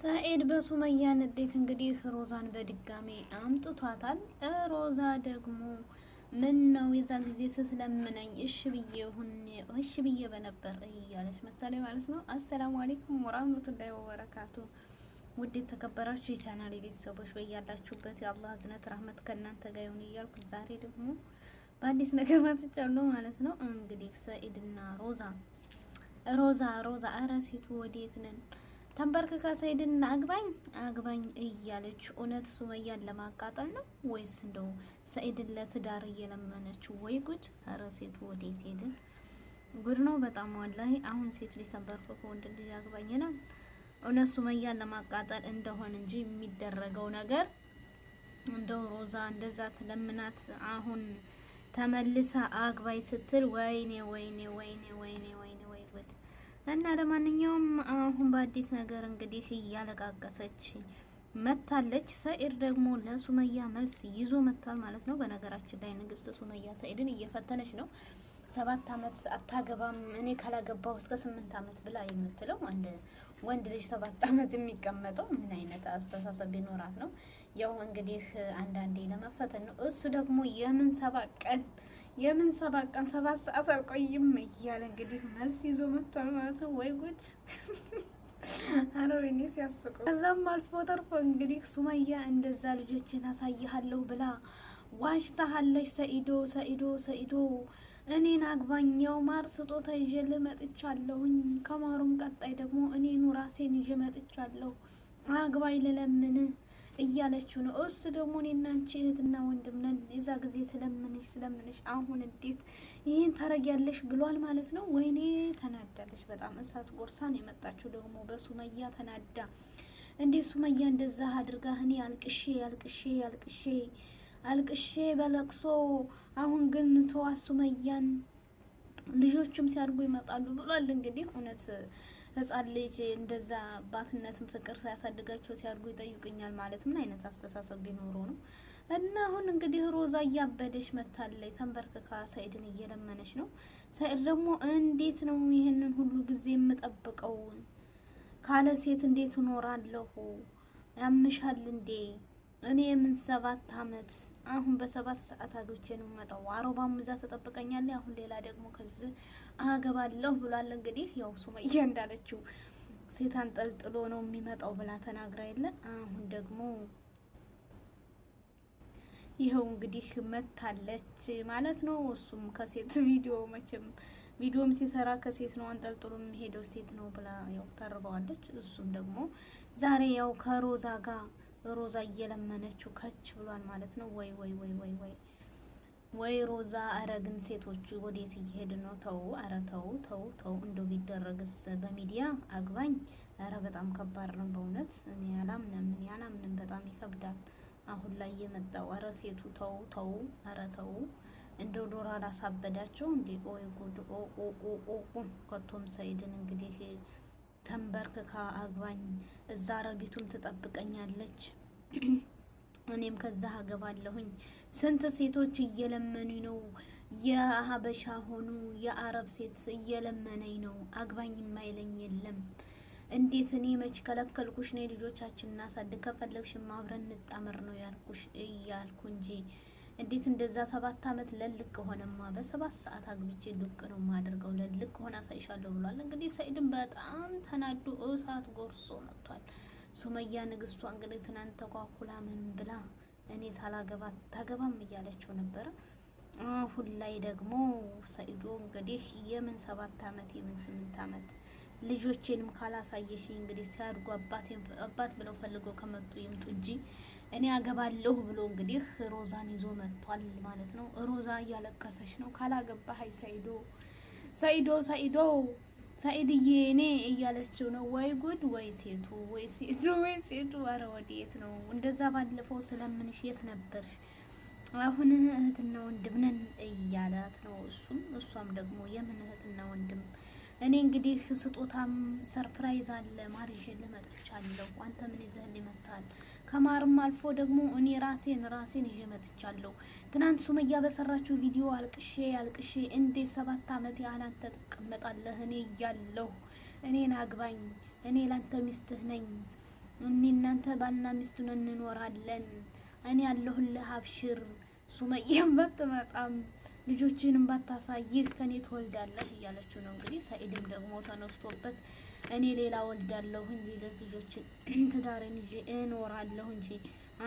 ሰኢድ በሱመያ ንዴት እንግዲህ ሮዛን በድጋሚ አምጥቷታል። ሮዛ ደግሞ ምን ነው የዛ ጊዜ ስትለምነኝ እሺ ብዬ ሁን እሺ ብዬ በነበር እያለች መታለች ማለት ነው። አሰላሙ አሌይኩም ወራህመቱላሂ ወበረካቱ። ውድ የተከበራችሁ የቻናል ቤተሰቦች በያላችሁበት የአላህ እዝነት ረህመት ከእናንተ ጋር ይሁን እያልኩ ዛሬ ደግሞ በአዲስ ነገር መጥቻለሁ ማለት ነው። እንግዲህ ሰኢድና ሮዛ ሮዛ ሮዛ፣ እረ ሴቱ ወዴት ነን ተንበርክካ ሰኢድን አግባኝ አግባኝ እያለች እውነት ሱመያን ለማቃጠል ነው ወይስ እንደው ሰኢድን ለትዳር እየለመነች? ወይ ጉድ! እረ ሴቱ ወዴት ሄድን? ጉድ ነው በጣም ወላሂ። አሁን ሴት ልጅ ተንበርክኮ ወንድ ልጅ አግባኝ ነው እውነት ሱመያን ለማቃጠል እንደሆን እንጂ የሚደረገው ነገር እንደው ሮዛ እንደዛ ትለምናት አሁን ተመልሳ አግባይ ስትል ወይኔ ወይኔ ወይኔ ወይኔ እና ለማንኛውም አሁን በአዲስ ነገር እንግዲህ እያለቃቀሰች መታለች። ሰኢድ ደግሞ ለሱመያ መልስ ይዞ መጥቷል ማለት ነው። በነገራችን ላይ ንግስት ሱመያ ሰኢድን እየፈተነች ነው። ሰባት አመት አታገባም እኔ ካላገባው እስከ ስምንት አመት ብላ የምትለው አንድ ወንድ ልጅ ሰባት አመት የሚቀመጠው ምን አይነት አስተሳሰብ ቢኖራት ነው? ያው እንግዲህ አንዳንዴ ለመፈተን ነው። እሱ ደግሞ የምን ሰባት ቀን የምን ሰባት ቀን ሰባት ሰዓት አልቆይም እያለ እንግዲህ መልስ ይዞ መጥቷል ማለት ነው። ወይ ጉድ! አረ ወይኔ ሲያስቁ። ከዛም አልፎ ተርፎ እንግዲህ ሱመያ እንደዛ ልጆችን አሳይሃለሁ ብላ ዋሽታሃለች። ሰኢዶ ሰኢዶ ሰኢዶ እኔን አግባኛው ማር ስጦታ ይዤ ልመጥቻለሁኝ። ከማሩም ቀጣይ ደግሞ እኔኑ ራሴን ይዤ መጥቻለሁ አግባይ ልለምን እያለችው ነው። እሱ ደግሞ እኔና አንቺ እህትና ወንድም ነን፣ የዛ ጊዜ ስለምንሽ ስለምንሽ አሁን እንዴት ይህን ታረጊያለሽ ብሏል ማለት ነው። ወይኔ ተናዳለች በጣም እሳት ጎርሳን የመጣችው ደግሞ በሱመያ ተናዳ፣ እንዴ ሱመያ እንደዛ አድርጋ እኔ አልቅሼ አልቅሼ አልቅሼ አልቅሼ በለቅሶ አሁን ግን ተዋት ሱመያን ልጆቹም ሲያድጉ ይመጣሉ ብሏል። እንግዲህ እውነት ህጻን ልጅ እንደዛ አባትነትን ፍቅር ሳያሳድጋቸው ሲያድጉ ይጠይቅኛል ማለት ምን አይነት አስተሳሰብ ቢኖረው ነው? እና አሁን እንግዲህ ሮዛ እያበደች መታለይ ተንበርክካ ሰኢድን እየለመነች ነው። ሰኢድ ደግሞ እንዴት ነው ይህንን ሁሉ ጊዜ የምጠብቀው? ካለ ሴት እንዴት እኖራለሁ? ያምሻል እንዴ እኔ የምን ሰባት አመት አሁን በሰባት ሰዓት አግብቼ ነው መጣው። አሮባም እዛ ተጠብቀኛለ። አሁን ሌላ ደግሞ ከዚህ አገባለሁ ብሏል። እንግዲህ ያው ሱመያ እንዳለችው ሴት አንጠልጥሎ ነው የሚመጣው ብላ ተናግራ የለ። አሁን ደግሞ ይኸው እንግዲህ መታለች ማለት ነው። እሱም ከሴት ቪዲዮ መቼም ቪዲዮም ሲሰራ ከሴት ነው አንጠልጥሎ የሚሄደው ሴት ነው ብላ ያው ተርበዋለች። እሱም ደግሞ ዛሬ ያው ከሮዛ ጋር ሮዛ እየለመነችው ከች ብሏል ማለት ነው። ወይ ወይ ወይ ወይ ወይ ወይ ሮዛ፣ አረ ግን ሴቶቹ ወዴት እየሄድ ነው? ተው፣ አረ ተው ተው ተው። እንደው ቢደረግስ በሚዲያ አግባኝ። አረ በጣም ከባድ ነው በእውነት። እኔ አላምንም፣ እኔ አላምንም። በጣም ይከብዳል አሁን ላይ የመጣው። አረ ሴቱ ተው ተው፣ አረ ተው። እንደው ዶሮ አላሳበዳቸው እንዴ? ኦይ ጉድ! ኦ ኦ ኦ ኦ። ከቶም ሰኢድን እንግዲህ ተንበርክካ አግባኝ፣ እዛ አረቢቱም ትጠብቀኛለች፣ እኔም ከዛ አገባለሁኝ። ስንት ሴቶች እየለመኑ ነው የሀበሻ ሆኑ የአረብ ሴት እየለመነኝ ነው አግባኝ የማይለኝ የለም። እንዴት እኔ መች ከለከልኩሽ? ነው ልጆቻችን እናሳድግ፣ ከፈለግሽ አብረን እንጣመር ነው ያልኩሽ እያልኩ እንጂ እንዴት እንደዛ ሰባት አመት ለልቅ ሆነማ፣ በሰባት ሰዓት አግብቼ ዱቅ ነው የማደርገው። ለልቅ ከሆነ አሳይሻለሁ ብሏል። እንግዲህ ሰኢድን በጣም ተናዶ እሳት ጎርሶ መጥቷል። ሱመያ ንግስቷ እንግዲህ ትናንት ተኳኩላ ምን ብላ እኔ ሳላገባ ታገባም እያለችው ነበረ። አሁን ላይ ደግሞ ሰኢዱ እንግዲህ የምን ሰባት አመት የምን ስምንት አመት ልጆቼንም ካላሳየሽ እንግዲህ ሲያድጉ አባቴን አባት ብለው ፈልገው ከመጡ ይምጡ እንጂ እኔ አገባለሁ ብሎ እንግዲህ ሮዛን ይዞ መጥቷል ማለት ነው። ሮዛ እያለቀሰች ነው። ካላገባ ሀይ ሰይዶ ሰይዶ ሰይዶ ሰኢድዬ እኔ እያለችው ነው። ወይ ጉድ ወይ ሴቱ ወይ ሴቱ ወይ ሴቱ። አረ ወዴት ነው እንደዛ? ባለፈው ስለምንሽ የት ነበርሽ? አሁን እህትና ወንድም ነን እያላት ነው እሱም እሷም ደግሞ የምን እህትና ወንድም እኔ እንግዲህ ስጦታም ሰርፕራይዝ አለ ማር ይዤ ልመጥቻለሁ። አንተ ምን ይዘህ ይመጣል? ከማርም አልፎ ደግሞ እኔ ራሴን ራሴን ይዤ መጥቻለሁ። ትናንት ሱመያ በሰራችው ቪዲዮ አልቅሼ አልቅሼ እንዴት ሰባት አመት ያህል አንተ ትቀመጣለህ? እኔ እያለሁ እኔን አግባኝ፣ እኔ ላንተ ሚስትህ ነኝ፣ እኔ እናንተ ባልና ነን እንኖራለን፣ እኔ ያለሁልህ አብሽር፣ ሱመያም አትመጣም ልጆችንም ባታሳይህ ከኔ ትወልዳለህ እያለችው ነው እንግዲህ። ሰኢድም ደግሞ ተነስቶበት እኔ ሌላ ወልዳለሁ ሊልህ ልጆችን ትዳርን ይዤ እኖራለሁ እንጂ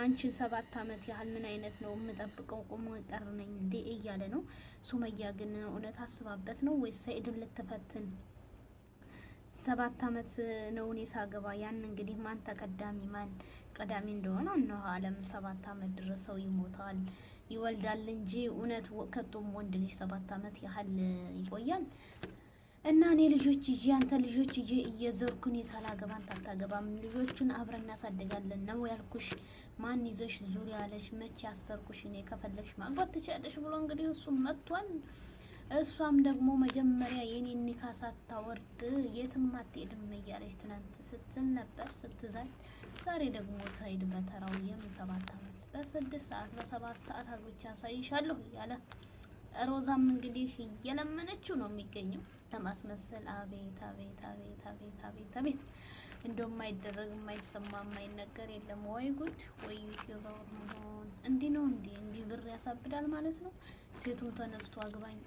አንቺን ሰባት አመት ያህል ምን አይነት ነው የምጠብቀው? ቁሞ ቀር ነኝ እንዴ እያለ ነው። ሱመያ ግን እውነት አስባበት ነው ወይስ ሰኢድን ልትፈትን? ሰባት አመት ነው እኔ ሳገባ ያን እንግዲህ ማን ተቀዳሚ ማን ቀዳሚ እንደሆነ እነሆ አለም ሰባት አመት ድረስ ሰው ይሞታል። ይወልዳል እንጂ እውነት ከቶም ወንድ ልጅ ሰባት ዓመት ያህል ይቆያል። እና እኔ ልጆች ይዤ አንተ ልጆች ይዤ እየዞርኩን የሳላገባን ታታገባም ልጆቹን አብረን እናሳድጋለን ነው ያልኩሽ። ማን ይዘሽ ዙሪያ አለሽ መቼ አሰርኩሽ? እኔ ከፈለግሽ ማግባት ትችያለሽ ብሎ እንግዲህ እሱ መጥቷል። እሷም ደግሞ መጀመሪያ የኔ ኒካ ሳታወርድ የትም አትሄድም እያለች ትናንት ስትል ነበር ስትዛኝ። ዛሬ ደግሞ ሰኢድ በተራው የምን ሰባት አመት በስድስት ሰዓት በሰባት ሰዓት አግብቼ አሳይሻለሁ እያለ ሮዛም እንግዲህ እየለመነችው ነው የሚገኘው ለማስመሰል። አቤት አቤት አቤት አቤት አቤት አቤት እንደው የማይደረግ የማይሰማ የማይነገር የለም። ወይ ጉድ ወይ ዩቲዩበር መሆን እንዲህ ነው። እንዲህ እንዲህ ብር ያሳብዳል ማለት ነው። ሴቱም ተነስቶ አግባኝ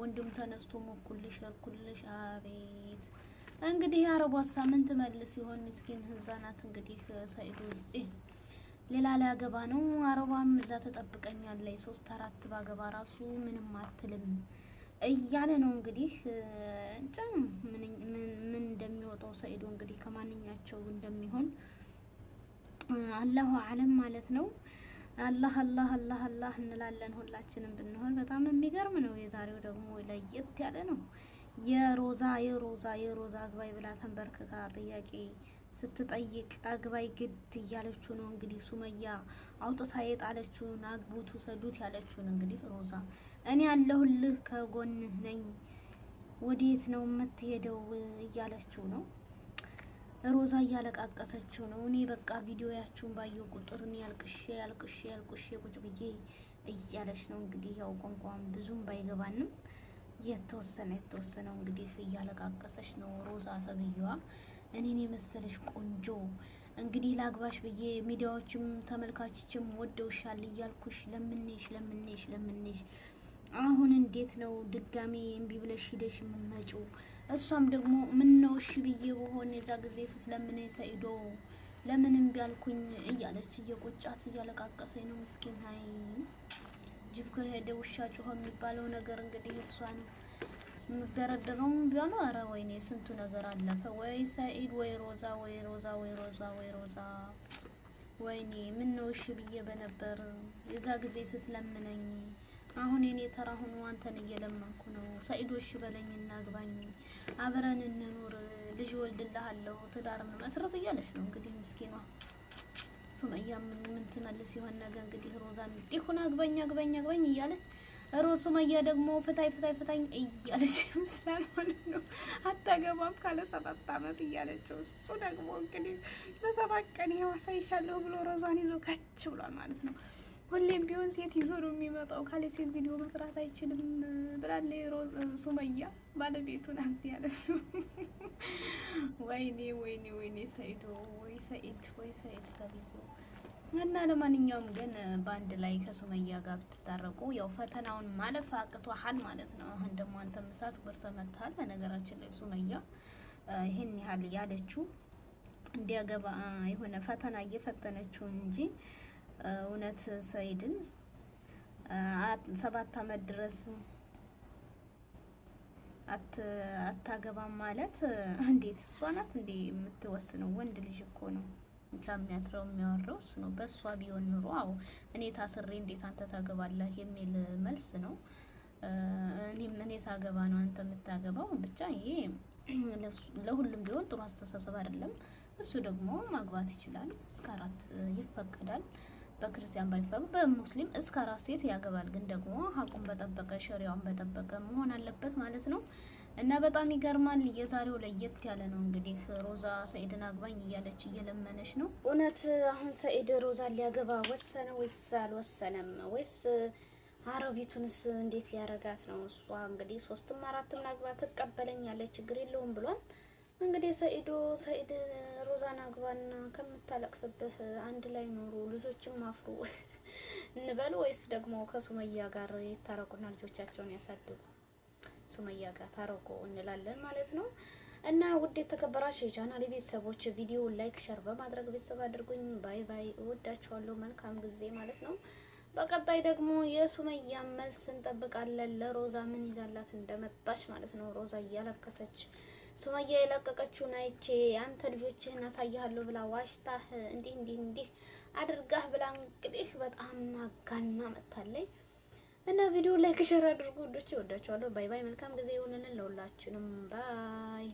ወንድም ተነስቶ ሞኩልሽ ያልኩልሽ። አቤት እንግዲህ የአረቧ ሳምንት መልስ ይሆን ምስኪን ህዛናት። እንግዲህ ሰኢዱ እዚህ ሌላ ላይ አገባ ነው። አረቧም እዛ ላይ ሶስት አራት ባገባ ራሱ ምንም አትልም እያለ ነው እንግዲህ ጭም ምን እንደሚወጣው ሰኢዱ እንግዲህ ከማንኛቸው እንደሚሆን አላሁ አለም ማለት ነው። አላህ አላህ አላህ አላህ እንላለን ሁላችንም ብንሆን በጣም የሚገርም ነው። የዛሬው ደግሞ ለየት ያለ ነው። የሮዛ የሮዛ የሮዛ አግባይ ብላ ተንበርክካ ጥያቄ ስትጠይቅ አግባይ ግድ እያለችው ነው እንግዲህ ሱመያ አውጥታ የጣለችውን አግቡት ውሰዱት ያለችውን እንግዲህ ሮዛ እኔ ያለሁልህ ከጎንህ ነኝ ወዴት ነው የምትሄደው እያለችው ነው ሮዛ እያለቃቀሰችው ነው። እኔ በቃ ቪዲዮያችሁን ባየው ቁጥር እኔ ያልቅሼ ያልቅሼ ያልቅሼ ቁጭ ብዬ እያለች ነው እንግዲህ ያው ቋንቋም ብዙም ባይገባንም የተወሰነ የተወሰነው እንግዲህ እያለቃቀሰች ነው ሮዛ ተብዬዋ። እኔን የመሰለሽ ቆንጆ እንግዲህ ላግባሽ ብዬ ሚዲያዎችም ተመልካችችም ወደውሻል እያልኩሽ ለምንሽ ለምንሽ ለምንሽ አሁን እንዴት ነው ድጋሜ እምቢ ብለሽ ሂደሽ የምመጪው? እሷም ደግሞ ነው እሺ ብዬ በሆነ የዛ ጊዜ ስትለምነ ሰኢዶ ለምን ለምንም ቢያልኩኝ እያለች እየቆጫት እያለቃቀሰኝ ነው። ምስኪን ሀይ ጅብ ከሄደ ውሻ ጮኸ የሚባለው ነገር እንግዲህ እሷን ነው የምደረደረው። ቢሆነ አረ ወይኔ ስንቱ ነገር አለፈ። ወይ ሰኢድ፣ ወይ ሮዛ፣ ወይ ሮዛ፣ ወይ ሮዛ፣ ወይ ሮዛ ወይኔ ነው እሺ ብዬ በነበር የዛ ጊዜ ስትለምነኝ አሁን የኔ ተራ ሆኖ አንተን እየለመንኩ ነው። ሰኢዶ እሺ በለኝ እናግባኝ አብረን እንኑር፣ ልጅ ወልድልሃለሁ፣ ትዳር ምን መስረት እያለች ነው እንግዲህ ምስኪኗ ሱመያ ምን ትመልስ ይሆን ነገ? እንግዲህ ሮዛን ዲሁን አግባኝ አግባኝ አግበኝ እያለች ሮ ሱመያ ደግሞ ፍታይ ፍታይ ፍታኝ እያለች ይመስላል ማለት ነው። አታገባም ካለ ሰባት አመት እያለችው እሱ ደግሞ እንግዲህ በሰባት ቀን ይሄው አሳይሻለሁ ብሎ ሮዛን ይዞ ከች ብሏል ማለት ነው። ሁሌም ቢሆን ሴት ይዞ ነው የሚመጣው፣ ካለ ሴት ቪዲዮ መስራት አይችልም ብላለ ሮዝ ሱመያ ባለቤቱ ናት ያለሱ። ወይኔ ወይኔ ወይኔ ሰይዶ ወይ ሰኢድ ወይ ሰኢድ ተብዬ እና ለማንኛውም ግን በአንድ ላይ ከሱመያ ጋር ብትታረቁ ያው ፈተናውን ማለፍ አቅቷሃል ማለት ነው። አሁን ደግሞ አንተ ምሳት ጎርሰ መጥተሃል። በነገራችን ላይ ሱመያ ይህን ያህል ያለችው እንዲያገባ የሆነ ፈተና እየፈተነችው እንጂ እውነት ሰይድን ሰባት አመት ድረስ አታገባም ማለት እንዴት? እሷ ናት እንዴ የምትወስነው? ወንድ ልጅ እኮ ነው ከሚያትረው የሚያወራው እሱ ነው። በእሷ ቢሆን ኑሮ አው እኔ ታስሬ እንዴት አንተ ታገባለህ የሚል መልስ ነው። እኔም እኔ ሳገባ ነው አንተ የምታገባው። ብቻ ይሄ ለሁሉም ቢሆን ጥሩ አስተሳሰብ አይደለም። እሱ ደግሞ ማግባት ይችላል። እስከ አራት ይፈቀዳል። በክርስቲያን ባይፈሩ በሙስሊም እስከ አራት ሴት ያገባል። ግን ደግሞ ሀቁን በጠበቀ ሸሪያውን በጠበቀ መሆን አለበት ማለት ነው እና በጣም ይገርማል። የዛሬው ለየት ያለ ነው። እንግዲህ ሮዛ ሰኢድን አግባኝ እያለች እየለመነች ነው። እውነት አሁን ሰኢድ ሮዛ ሊያገባ ወሰነ ወይስ አልወሰነም? ወይስ አረቢቱንስ እንዴት ሊያረጋት ነው? እሷ እንግዲህ ሶስትም አራትም ናግባ ትቀበለኛለች ችግር የለውም ብሏል። እንግዲህ ሰኢዶ ሰኢድ ሮዛን አግባና ከምታለቅስብህ አንድ ላይ ኖሩ ልጆችም አፍሩ እንበሉ ወይስ ደግሞ ከሱመያ ጋር የታረቁና ልጆቻቸውን ያሳድጉ? ሱመያ ጋር ታረቁ እንላለን ማለት ነው። እና ውድ የተከበራችሁ የቻናል ቤተሰቦች ቪዲዮ ላይክ፣ ሸር በማድረግ ቤተሰብ አድርጉኝ። ባይ ባይ። እወዳችኋለሁ። መልካም ጊዜ ማለት ነው። በቀጣይ ደግሞ የሱመያ መልስ እንጠብቃለን። ለሮዛ ምን ይዛላት እንደመጣች ማለት ነው። ሮዛ እያለቀሰች ሱመያ የለቀቀችውን አይቼ አንተ ልጆችህን አሳያለሁ ብላ ዋሽታህ እንዲህ እንዲህ እንዲህ አድርጋህ ብላ እንግዲህ በጣም አጋና መጥታለኝ እና ቪዲዮ ላይክ ሸር አድርጉ። ወዶች ወዳችኋለሁ። ባይ ባይ። መልካም ጊዜ ይሁንልን ለሁላችንም። ባይ